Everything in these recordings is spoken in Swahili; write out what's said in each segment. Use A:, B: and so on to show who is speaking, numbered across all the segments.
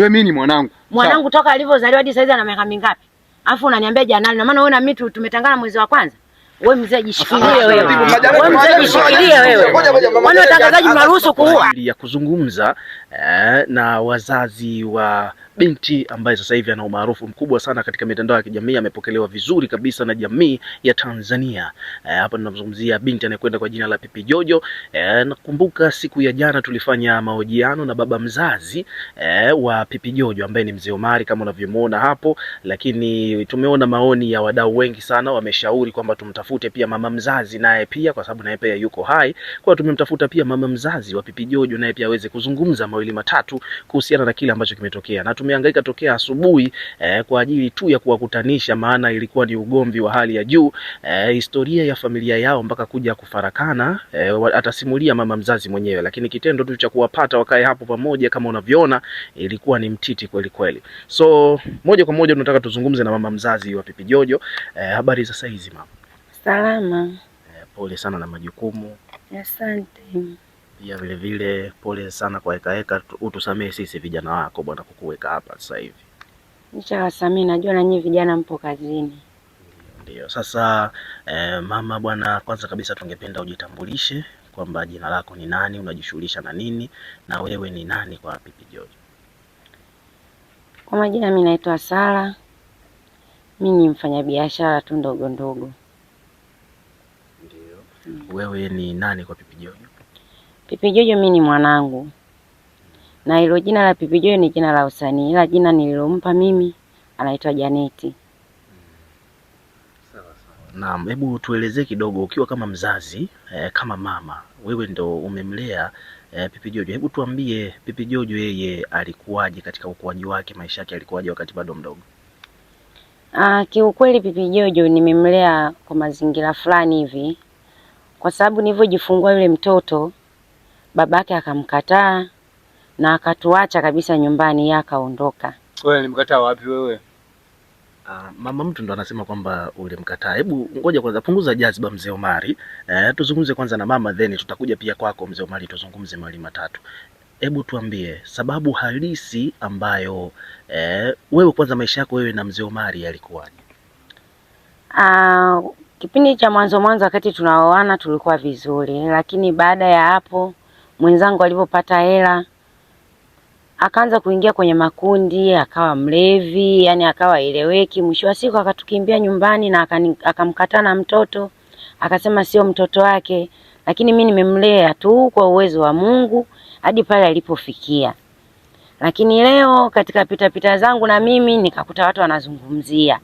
A: Wewe mimi ni mwanangu.
B: Mwanangu toka alivyozaliwa hadi saizi ana miaka mingapi? Alafu unaniambia janali na maana wewe na mimi tumetangana mwezi wa kwanza. Wewe mzee jishikilie wewe. Wewe mzee jishikilie wewe. Wana watangazaji mnaruhusu kuua.
A: Ya kuzungumza eh, na wazazi wa binti ambaye sasa hivi ana umaarufu mkubwa sana katika mitandao ya kijamii, amepokelewa vizuri kabisa na jamii ya Tanzania. E, hapa tunamzungumzia binti anayekwenda kwa jina la Pipi Jojo. E, nakumbuka siku ya jana tulifanya mahojiano na baba mzazi e, wa Pipi Jojo ambaye ni mzee Omari kama unavyomuona hapo, lakini tumeona maoni ya wadau wengi sana wameshauri kwamba tumtafute pia mama mzazi naye pia, kwa sababu naye pia yuko hai, kwa tumemtafuta pia mama mzazi wa Pipi Jojo naye pia aweze kuzungumza mawili matatu kuhusiana na kile ambacho kimetokea na tumehangaika tokea asubuhi eh, kwa ajili tu ya kuwakutanisha, maana ilikuwa ni ugomvi wa hali ya juu eh, historia ya familia yao mpaka kuja kufarakana eh, atasimulia mama mzazi mwenyewe, lakini kitendo tu cha kuwapata wakae hapo pamoja kama unavyoona ilikuwa ni mtiti kweli kweli. So moja kwa moja tunataka tuzungumze na mama mzazi wa Pipi Jojo. Eh, habari sasa hizi mama?
B: Salama. Eh,
A: pole sana na majukumu. Asante pia vile vile pole sana kwa heka heka, utusamee sisi vijana wako bwana, kukuweka hapa sasa hivi.
B: Nishawasamee, najua na nyinyi vijana mpo kazini.
A: Ndio sasa eh, mama bwana, kwanza kabisa tungependa ujitambulishe kwamba jina lako ni nani, unajishughulisha na nini, na wewe ni nani kwa Pipi Jojo?
B: Kwa majina, mimi naitwa Sara, mimi ni mfanyabiashara tu ndogo ndogo.
A: Ndio. Mm. Wewe ni nani kwa Pipi Jojo?
B: Pipijojo mimi ni mwanangu, na hilo jina la Pipijojo ni jina la usanii, ila jina nililompa mimi anaitwa Janeti.
A: Naam, hebu tuelezee kidogo, ukiwa kama mzazi eh, kama mama, wewe ndo umemlea eh, Pipijojo. Hebu tuambie Pipijojo yeye alikuwaje katika ukuaji wake, maisha yake alikuwaje wakati bado mdogo?
B: Ah, kiukweli Pipijojo nimemlea kwa mazingira fulani hivi, kwa sababu nilivyojifungua yule mtoto babake akamkataa na akatuacha kabisa nyumbani, yeye akaondoka.
A: Wewe nimkataa wapi wewe? Ah, mama mtu ndo anasema kwamba ulimkataa. Hebu ngoja kwanza punguza jaziba mzee Omari. Eh, tuzungumze kwanza na mama then tutakuja pia kwako mzee Omari tuzungumze mali matatu. Hebu tuambie sababu halisi ambayo eh, wewe kwanza maisha yako wewe na mzee Omari yalikuwaje?
B: Ah, kipindi cha mwanzo mwanzo wakati tunaoana tulikuwa vizuri, lakini baada ya hapo mwenzangu alivyopata hela akaanza kuingia kwenye makundi, akawa mlevi, yani akawa aeleweki. Mwisho wa siku akatukimbia nyumbani na akamkataa na mtoto, akasema sio mtoto wake, lakini mi nimemlea tu kwa uwezo wa Mungu hadi pale alipofikia. Lakini leo katika pitapita zangu na mimi nikakuta watu wanazungumzia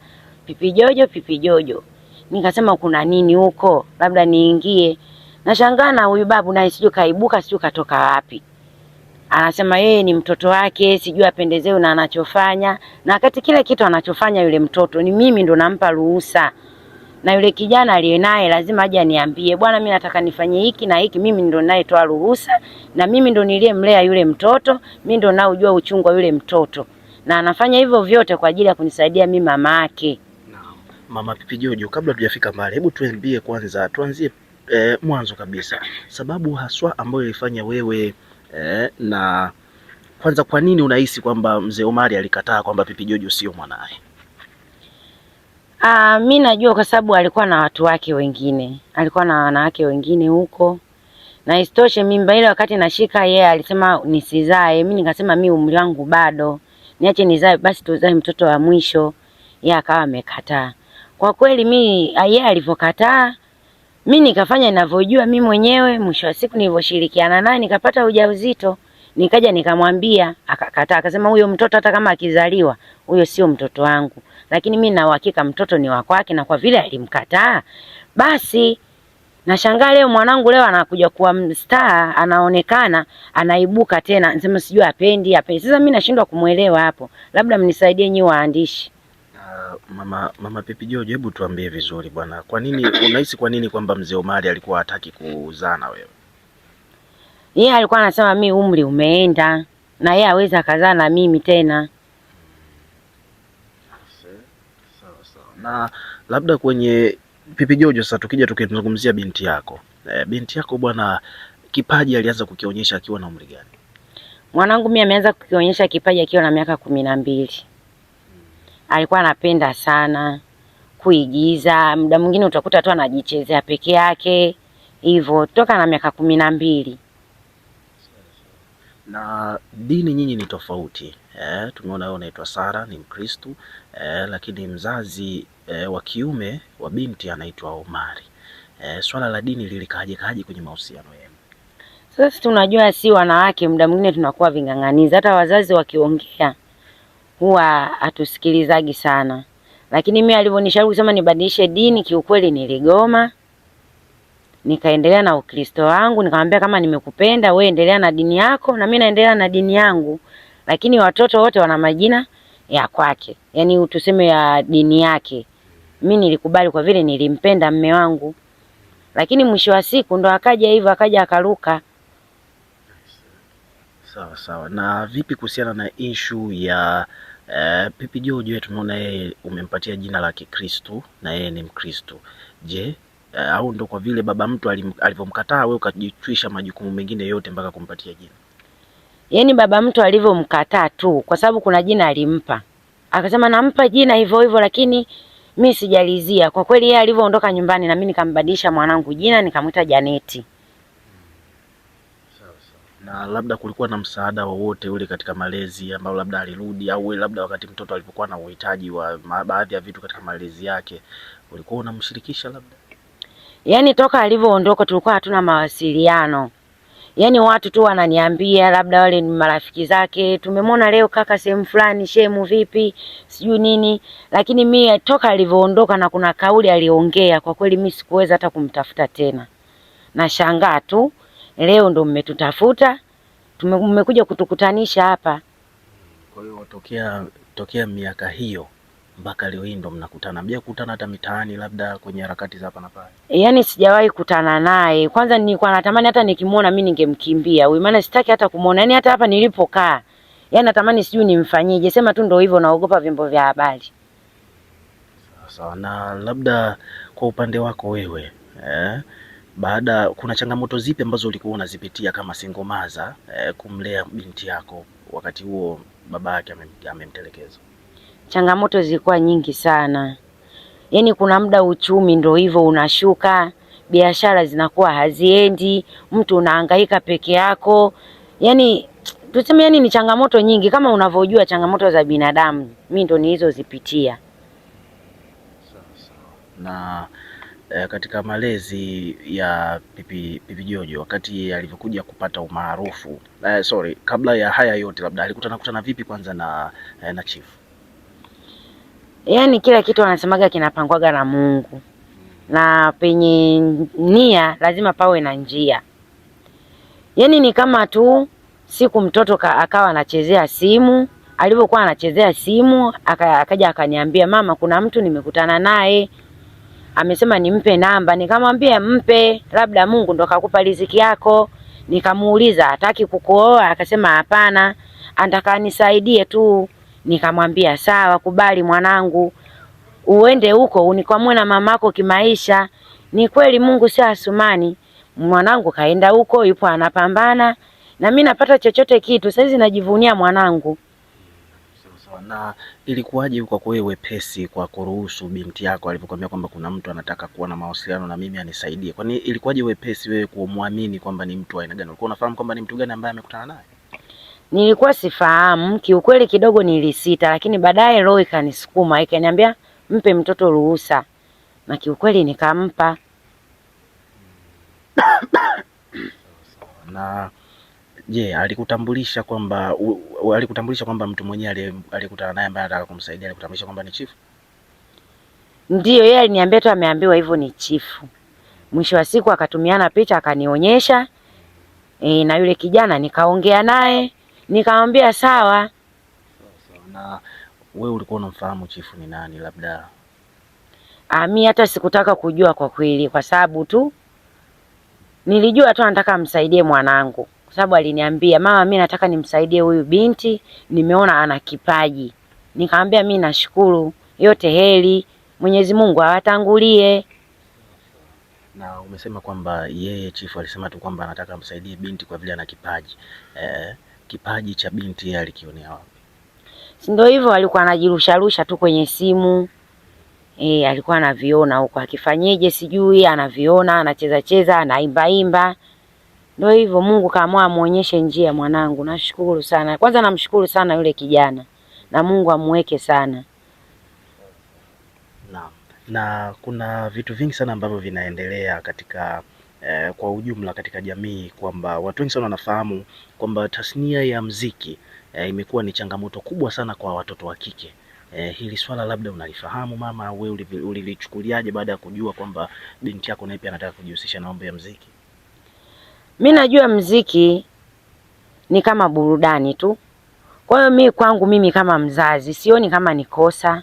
B: Pipi Jojo, Pipi Jojo, nikasema kuna nini huko, labda niingie Nashangaa na huyu babu naye sijui kaibuka sijui katoka wapi. Anasema yeye ni mtoto wake, sijui apendezewe na anachofanya. Na wakati kile kitu anachofanya yule mtoto ni mimi ndo nampa ruhusa. Na yule kijana aliye naye lazima aje aniambie, bwana, mimi nataka nifanye hiki na hiki, mimi ndo ninayetoa ruhusa na mimi ndo niliyemlea yule mtoto, mimi ndo naujua uchungu wa yule mtoto. Na anafanya hivyo vyote kwa ajili ya kunisaidia mimi mama yake.
A: Mama Pipi Jojo, kabla tujafika mbali, hebu tuambie kwanza, tuanzie e, mwanzo kabisa sababu haswa ambayo ilifanya wewe e, na kwanza, kwa nini unahisi kwamba mzee Omari alikataa kwamba Pipi Jojo sio mwanaye?
B: Ah, mi najua kwa sababu alikuwa na watu wake wengine, alikuwa na wanawake wengine huko, na isitoshe mimba ile wakati nashika yeye yeah, alisema nisizae. Mi nikasema mi umri wangu bado, niache nizae basi, tuzae mtoto wa mwisho. Yeye akawa amekataa. Kwa kweli mi yeye yeah, alivyokataa mi nikafanya ninavyojua mi mwenyewe. Mwisho wa siku nilivyoshirikiana naye nikapata ujauzito, nikaja nikamwambia, akakataa, akasema huyo mtoto hata kama akizaliwa huyo sio mtoto wangu, lakini mi nauhakika mtoto ni wa kwake, na kwa vile alimkataa basi Nashangaa leo mwanangu leo anakuja kuwa mstaa, anaonekana anaibuka tena, nasema sijui apendi apendi. Sasa mi nashindwa kumwelewa hapo, labda mnisaidie nyi waandishi.
A: Ah, mama mama Pipi Jojo, hebu tuambie vizuri bwana, kwa nini unahisi, kwa nini kwamba mzee Omari alikuwa hataki kuzaa na wewe?
B: Yeye alikuwa anasema mi umri umeenda na yeye aweza akazaa na mimi tena.
A: Sawa sawa. Na labda kwenye Pipi Jojo sasa, tukija tukizungumzia binti yako e, binti yako bwana, kipaji alianza kukionyesha akiwa na umri gani?
B: Mwanangu mimi ameanza kukionyesha kipaji akiwa na miaka kumi na mbili alikuwa anapenda sana kuigiza, muda mwingine utakuta tu anajichezea peke yake hivyo, toka na miaka kumi na mbili.
A: Na dini nyinyi ni tofauti eh, tumeona wewe unaitwa Sara ni mkristu eh, lakini mzazi eh, wa kiume wa binti anaitwa Omari eh, swala la dini lilikaje kaje kwenye mahusiano yenu?
B: Sasa tunajua si wanawake, muda mwingine tunakuwa ving'ang'anizi, hata wazazi wakiongea huwa hatusikilizagi sana, lakini mimi alivyonishauri kusema nibadilishe dini, kiukweli niligoma, nikaendelea na Ukristo wangu. Nikamwambia kama nimekupenda wewe, endelea na dini yako na mimi naendelea na dini yangu, lakini watoto wote wana majina ya kwake, yani tuseme ya dini yake. Mimi nilikubali kwa vile nilimpenda mme wangu, lakini mwisho wa siku ndo akaja hivyo, akaja akaruka
A: Sawa sawa. Na vipi kuhusiana na ishu ya uh, eh, Pipi George? Tumeona yeye umempatia jina la Kikristo na yeye ni Mkristo. Je, uh, au ndo kwa vile baba mtu alivyomkataa wewe ukajitwisha majukumu mengine yote mpaka kumpatia jina?
B: Yaani baba mtu alivyomkataa tu, kwa sababu kuna jina alimpa, akasema nampa jina hivyo hivyo, lakini mi sijalizia kwa kweli. Yeye alivyoondoka nyumbani, na mimi nikambadilisha mwanangu jina nikamwita Janeti
A: na labda kulikuwa na msaada wowote ule katika malezi ambao labda alirudi au labda wakati mtoto alipokuwa na uhitaji wa baadhi ya vitu katika malezi yake ulikuwa unamshirikisha labda?
B: Yaani toka alivyoondoka tulikuwa hatuna mawasiliano, yaani watu tu wananiambia labda wale ni marafiki zake, tumemwona leo kaka sehemu fulani, shemu vipi, sijui nini, lakini mi toka alivyoondoka na kuna kauli aliongea, kwa kweli mi sikuweza hata kumtafuta tena, nashangaa tu leo ndo mmetutafuta mmekuja kutukutanisha hapa.
A: Kwa hiyo tokea tokea miaka hiyo mpaka leo hii ndo mnakutana, mja kukutana hata mitaani, labda kwenye harakati za hapa na pale?
B: Yaani sijawahi kutana naye. Kwanza nilikuwa natamani hata nikimwona mi ningemkimbia huyu, maana sitaki hata kumwona. Yaani hata hapa nilipokaa, yaani natamani sijui nimfanyije. Sema tu ndo hivyo, naogopa vyombo vya habari.
A: sawa. Na labda kwa upande wako wewe eh? baada, kuna changamoto zipi ambazo ulikuwa unazipitia kama single mother eh, kumlea binti yako wakati huo baba yake amemtelekeza?
B: Changamoto zilikuwa nyingi sana, yaani kuna muda uchumi ndo hivyo unashuka, biashara zinakuwa haziendi, mtu unahangaika peke yako, yaani tuseme, yaani ni changamoto nyingi kama unavyojua changamoto za binadamu. Mi ndo nilizozipitia
A: na eh, katika malezi ya Pipi, Pipi Jojo wakati alivyokuja kupata umaarufu eh, sorry, kabla ya haya yote, labda alikutana kutana vipi kwanza na eh, na Chief?
B: Yaani kila kitu wanasemaga kinapangwaga na Mungu na penye nia lazima pawe na njia. Yaani ni kama tu siku mtoto ka, akawa anachezea simu, alivyokuwa anachezea simu akaja akaniambia, mama, kuna mtu nimekutana naye amesema nimpe namba, nikamwambia mpe, labda Mungu ndo akakupa riziki yako. Nikamuuliza hataki kukuoa, akasema hapana, anataka nisaidie tu. Nikamwambia sawa, kubali mwanangu, uende huko unikwamue na mamako kimaisha. Ni kweli Mungu si Asumani, mwanangu kaenda huko, yupo anapambana, na mimi napata chochote kitu. Saizi najivunia mwanangu
A: sawa. Na ilikuwaje kwa kwewe wepesi kwa kuruhusu binti yako alivyokuambia kwamba kuna mtu anataka kuwa na mawasiliano na mimi anisaidie? Kwani ilikuwaje wepesi wewe kumwamini kwamba ni mtu aina gani? Ulikuwa unafahamu kwamba ni mtu gani ambaye amekutana naye?
B: Nilikuwa sifahamu kiukweli, kidogo nilisita, lakini baadaye roho ikanisukuma ikaniambia mpe mtoto ruhusa, na kiukweli nikampa.
A: na Je, alikutambulisha kwamba alikutambulisha kwamba mtu mwenyewe alikutana naye ambaye anataka kumsaidia alikutambulisha kwamba ni chifu?
B: Ndiyo, yeye aliniambia tu ameambiwa hivyo ni chifu. Mwisho wa siku akatumiana picha akanionyesha, e, na yule kijana nikaongea naye nikamwambia sawa.
A: Na wewe ulikuwa unamfahamu chifu ni nani? Labda
B: ah, mi hata sikutaka kujua kwa kweli, kwa sababu tu nilijua tu anataka amsaidie mwanangu sababu aliniambia mama, mi nataka nimsaidie huyu binti, nimeona ana kipaji. Nikamwambia mi nashukuru, yote heri, Mwenyezi Mungu awatangulie.
A: Na umesema kwamba yeye chifu alisema tu kwamba anataka amsaidie binti kwa vile ana kipaji eh, kipaji cha binti yeye alikionea wapi?
B: Si ndio hivyo, alikuwa anajirusharusha tu kwenye simu e, alikuwa anaviona huko, akifanyeje sijui, anaviona anacheza cheza, anaimba imba ndio hivyo Mungu kaamua amuonyeshe njia mwanangu. Nashukuru sana. Kwanza namshukuru sana yule kijana na Mungu amuweke sana.
A: na, Na kuna vitu vingi sana ambavyo vinaendelea katika eh, kwa ujumla katika jamii kwamba watu wengi sana wanafahamu kwamba tasnia ya mziki eh, imekuwa ni changamoto kubwa sana kwa watoto wa kike. Eh, hili swala labda unalifahamu mama, wewe ulilichukuliaje baada ya kujua kwamba binti yako naye pia anataka kujihusisha na mambo ya mziki?
B: Mi najua mziki ni kama burudani tu. Kwa hiyo mi kwangu mimi kama mzazi sioni kama ni kosa,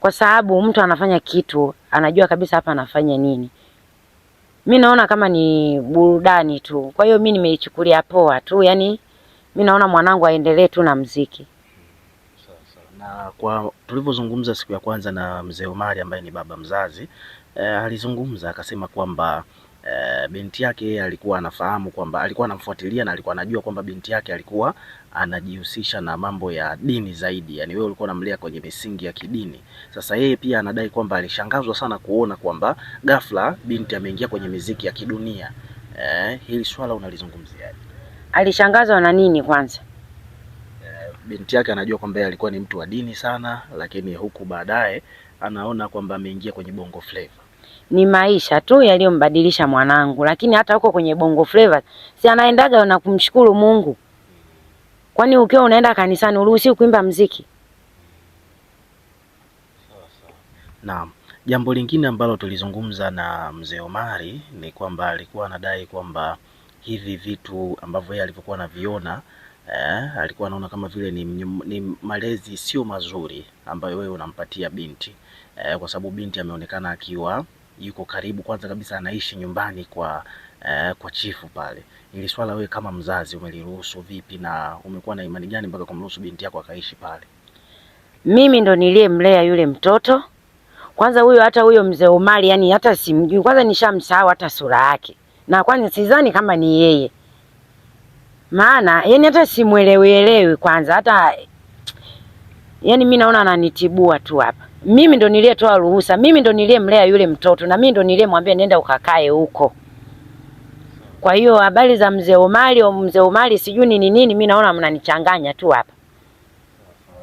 B: kwa sababu mtu anafanya kitu anajua kabisa hapa anafanya nini. Mi naona kama ni burudani tu, kwa hiyo mi nimeichukulia poa tu, yani mi naona mwanangu aendelee tu na mziki.
A: Na kwa tulivyozungumza siku ya kwanza na mzee Omari ambaye ni baba mzazi eh, alizungumza akasema kwamba e, binti yake alikuwa anafahamu kwamba alikuwa anamfuatilia na alikuwa anajua kwamba binti yake alikuwa anajihusisha na mambo ya dini zaidi. Yani wewe ulikuwa unamlea kwenye misingi ya kidini. Sasa yeye pia anadai kwamba alishangazwa sana kuona kwamba ghafla binti ameingia kwenye miziki ya kidunia. E, hili swala unalizungumziaje?
B: Alishangazwa na nini kwanza?
A: Eh, binti yake anajua kwamba alikuwa ni mtu wa dini sana, lakini huku baadaye anaona kwamba ameingia kwenye bongo flavor
B: ni maisha tu yaliyombadilisha mwanangu, lakini hata huko kwenye Bongo Flava si anaendaga na kumshukuru Mungu. Kwani ukiwa unaenda kanisani uruhusi kuimba mziki?
A: Naam. Jambo lingine ambalo tulizungumza na mzee Omari ni kwamba alikuwa anadai kwamba hivi vitu ambavyo yeye alivyokuwa anaviona eh, alikuwa anaona kama vile ni, ni malezi sio mazuri ambayo wewe unampatia binti eh, kwa sababu binti ameonekana akiwa yuko karibu, kwanza kabisa anaishi nyumbani kwa eh, kwa chifu pale. Ili swala wewe kama mzazi umeliruhusu vipi na umekuwa na imani gani mpaka kumruhusu binti yako akaishi pale?
B: Mimi ndo niliyemlea yule mtoto kwanza, huyo hata huyo mzee Omari, yani hata simjui kwanza, nishamsahau hata sura yake, na kwanza sidhani kama ni yeye, maana yani hata simwelewielewi kwanza, hata yani mi naona ananitibua tu hapa mimi ndo niliyetoa ruhusa, mimi ndo niliyemlea yule mtoto na mimi ndo niliyemwambia nenda ukakae huko. Kwa hiyo habari za mzee Omari au mzee Omari sijui ni nini, mimi naona mnanichanganya tu hapa.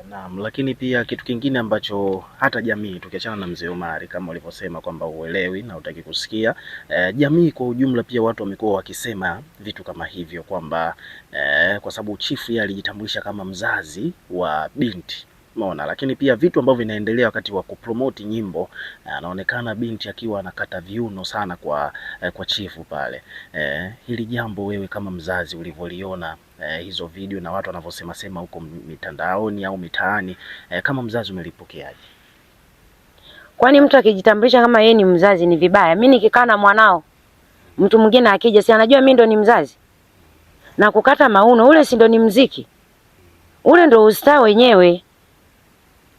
A: Naam, lakini pia kitu kingine ambacho hata jamii tukiachana na mzee Omari kama ulivyosema kwamba uelewi na utaki kusikia e, jamii kwa ujumla pia watu wamekuwa wakisema vitu kama hivyo kwamba e, kwa sababu chifu yeye alijitambulisha kama mzazi wa binti mona lakini pia vitu ambavyo vinaendelea wakati wa kupromote nyimbo, eh, anaonekana binti akiwa anakata viuno sana kwa, eh, kwa chifu pale. Eh, hili jambo wewe kama mzazi ulivyoliona eh, hizo video na watu wanavyosema sema huko mitandaoni au mitaani eh, kama mzazi umelipokeaje?
B: Kwani mtu akijitambulisha kama yeye ni mzazi ni vibaya? Mimi nikikaa na mwanao mtu mwingine akija, si anajua mimi ndo ni mzazi? Na kukata mauno ule si ndo ni mziki? Ule ndo ustaa wenyewe.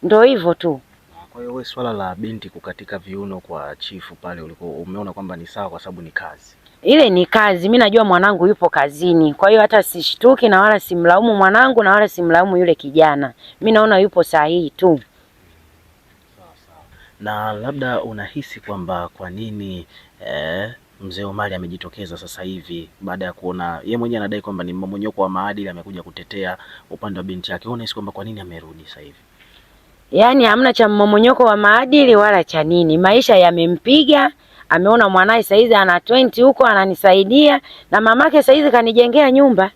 B: Ndio hivyo tu.
A: Ah, kwa hiyo wewe, swala la binti kukatika viuno kwa chifu pale ulikuwa umeona kwamba ni sawa, kwa sababu ni kazi
B: ile ni kazi. Mi najua mwanangu yupo kazini, kwa hiyo hata sishtuki na wala simlaumu mwanangu na wala simlaumu yule kijana. Mi naona yupo sahihi tu.
A: Na labda unahisi kwamba kwa nini eh, mzee Omari amejitokeza sasa hivi baada ya kuona ye mwenyewe anadai kwamba ni mmomonyoko wa maadili, amekuja kutetea upande wa binti yake. Unahisi kwamba kwa nini amerudi sasa hivi?
B: yaani hamna cha mmomonyoko wa maadili wala cha nini. Maisha yamempiga, ameona mwanaye saizi ana 20 huko ananisaidia, na mamake saizi kanijengea nyumba.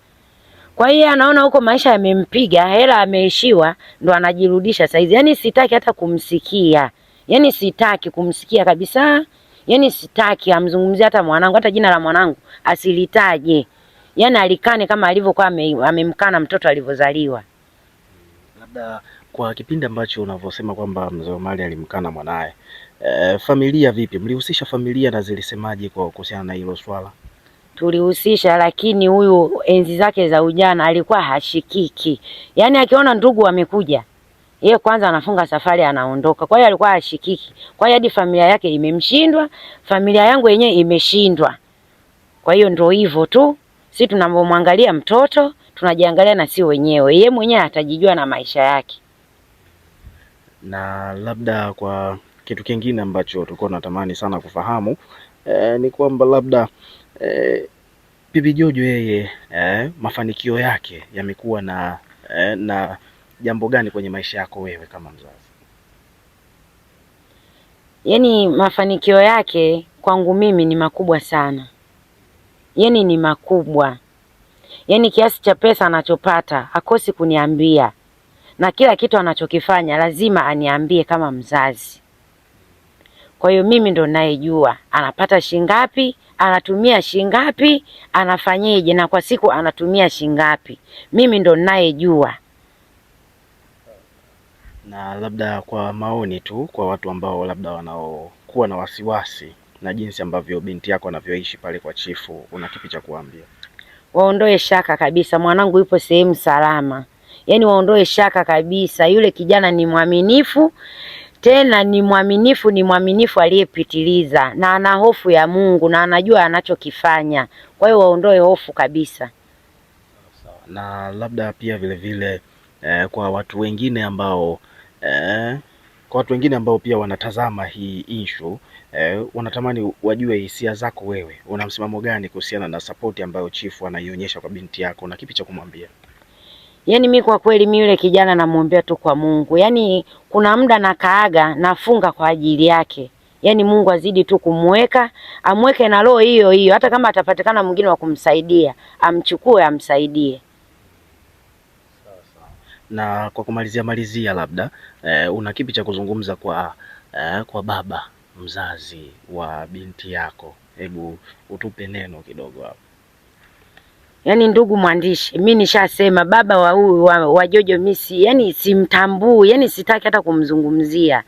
B: Kwa hiyo anaona huko maisha yamempiga, hela ameishiwa, ndo anajirudisha saizi. Yaani sitaki hata kumsikia, yaani sitaki kumsikia kabisa, yaani sitaki amzungumzie hata mwanangu, hata jina la mwanangu asilitaje, yaani alikane kama alivyokuwa amemkana mtoto alivyozaliwa
A: labda kwa kipindi ambacho unavyosema kwamba mzee Omari alimkana mwanaye e, familia vipi, mlihusisha familia na zilisemaje kwa kuhusiana na hilo swala?
B: Tulihusisha, lakini huyu enzi zake za ujana alikuwa hashikiki, yaani akiona ndugu wamekuja yeye kwanza anafunga safari anaondoka. Kwa hiyo alikuwa hashikiki, kwa hiyo hadi familia yake imemshindwa, familia yangu yenyewe imeshindwa. Kwa hiyo ndio hivyo tu, si tunamwangalia mtoto tunajiangalia na si wenyewe. Yeye mwenyewe atajijua na maisha yake.
A: Na labda kwa kitu kingine ambacho tulikuwa tunatamani sana kufahamu e, ni kwamba labda e, Bibi Jojo yeye e, mafanikio yake yamekuwa na e, na jambo gani kwenye maisha yako wewe kama mzazi?
B: Yaani mafanikio yake kwangu mimi ni makubwa sana, yaani ni makubwa, yaani kiasi cha pesa anachopata hakosi kuniambia na kila kitu anachokifanya lazima aniambie kama mzazi. Kwa hiyo mimi ndo ninayejua anapata shingapi, anatumia shingapi, anafanyeje na kwa siku anatumia shingapi. Mimi ndo ninayejua.
A: Na labda kwa maoni tu kwa watu ambao labda wanaokuwa na wasiwasi na jinsi ambavyo binti yako anavyoishi pale kwa chifu, una kipi cha kuambia?
B: Waondoe shaka kabisa, mwanangu yupo sehemu salama yani waondoe shaka kabisa. Yule kijana ni mwaminifu, tena ni mwaminifu, ni mwaminifu aliyepitiliza, na ana hofu ya Mungu na anajua anachokifanya. Kwa hiyo waondoe hofu kabisa.
A: Na labda pia vilevile vile, eh, kwa watu wengine ambao eh, kwa watu wengine ambao pia wanatazama hii issue eh, wanatamani wajue hisia zako wewe, una msimamo gani kuhusiana na sapoti ambayo chifu anaionyesha kwa binti yako na kipi cha kumwambia?
B: Yaani mi kwa kweli mi yule kijana namwombea tu kwa Mungu, yaani kuna muda nakaaga nafunga kwa ajili yake, yaani Mungu azidi tu kumweka amweke na roho hiyo hiyo, hata kama atapatikana mwingine wa kumsaidia amchukue amsaidie.
A: Na kwa kumalizia malizia, labda eh, una kipi cha kuzungumza kwa eh, kwa baba mzazi wa binti yako? Hebu utupe neno kidogo hapo.
B: Yaani ndugu mwandishi, mi nishasema baba wa huyu wa, wa Jojo Misi, yani simtambui, yani sitaki hata kumzungumzia,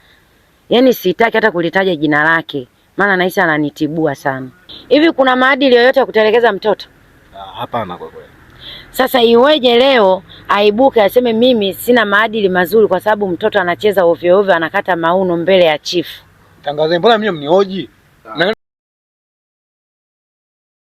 B: yani sitaki hata kulitaja jina lake, maana nahisi ananitibua sana. Hivi kuna maadili yoyote ya kutelekeza mtoto?
A: Ah, hapana kwa kweli.
B: Sasa iweje leo aibuke aseme mimi sina maadili mazuri kwa sababu mtoto anacheza ovyo ovyo, anakata mauno mbele ya chifu? Tangazeni, mbona mimi mnihoji? Ah.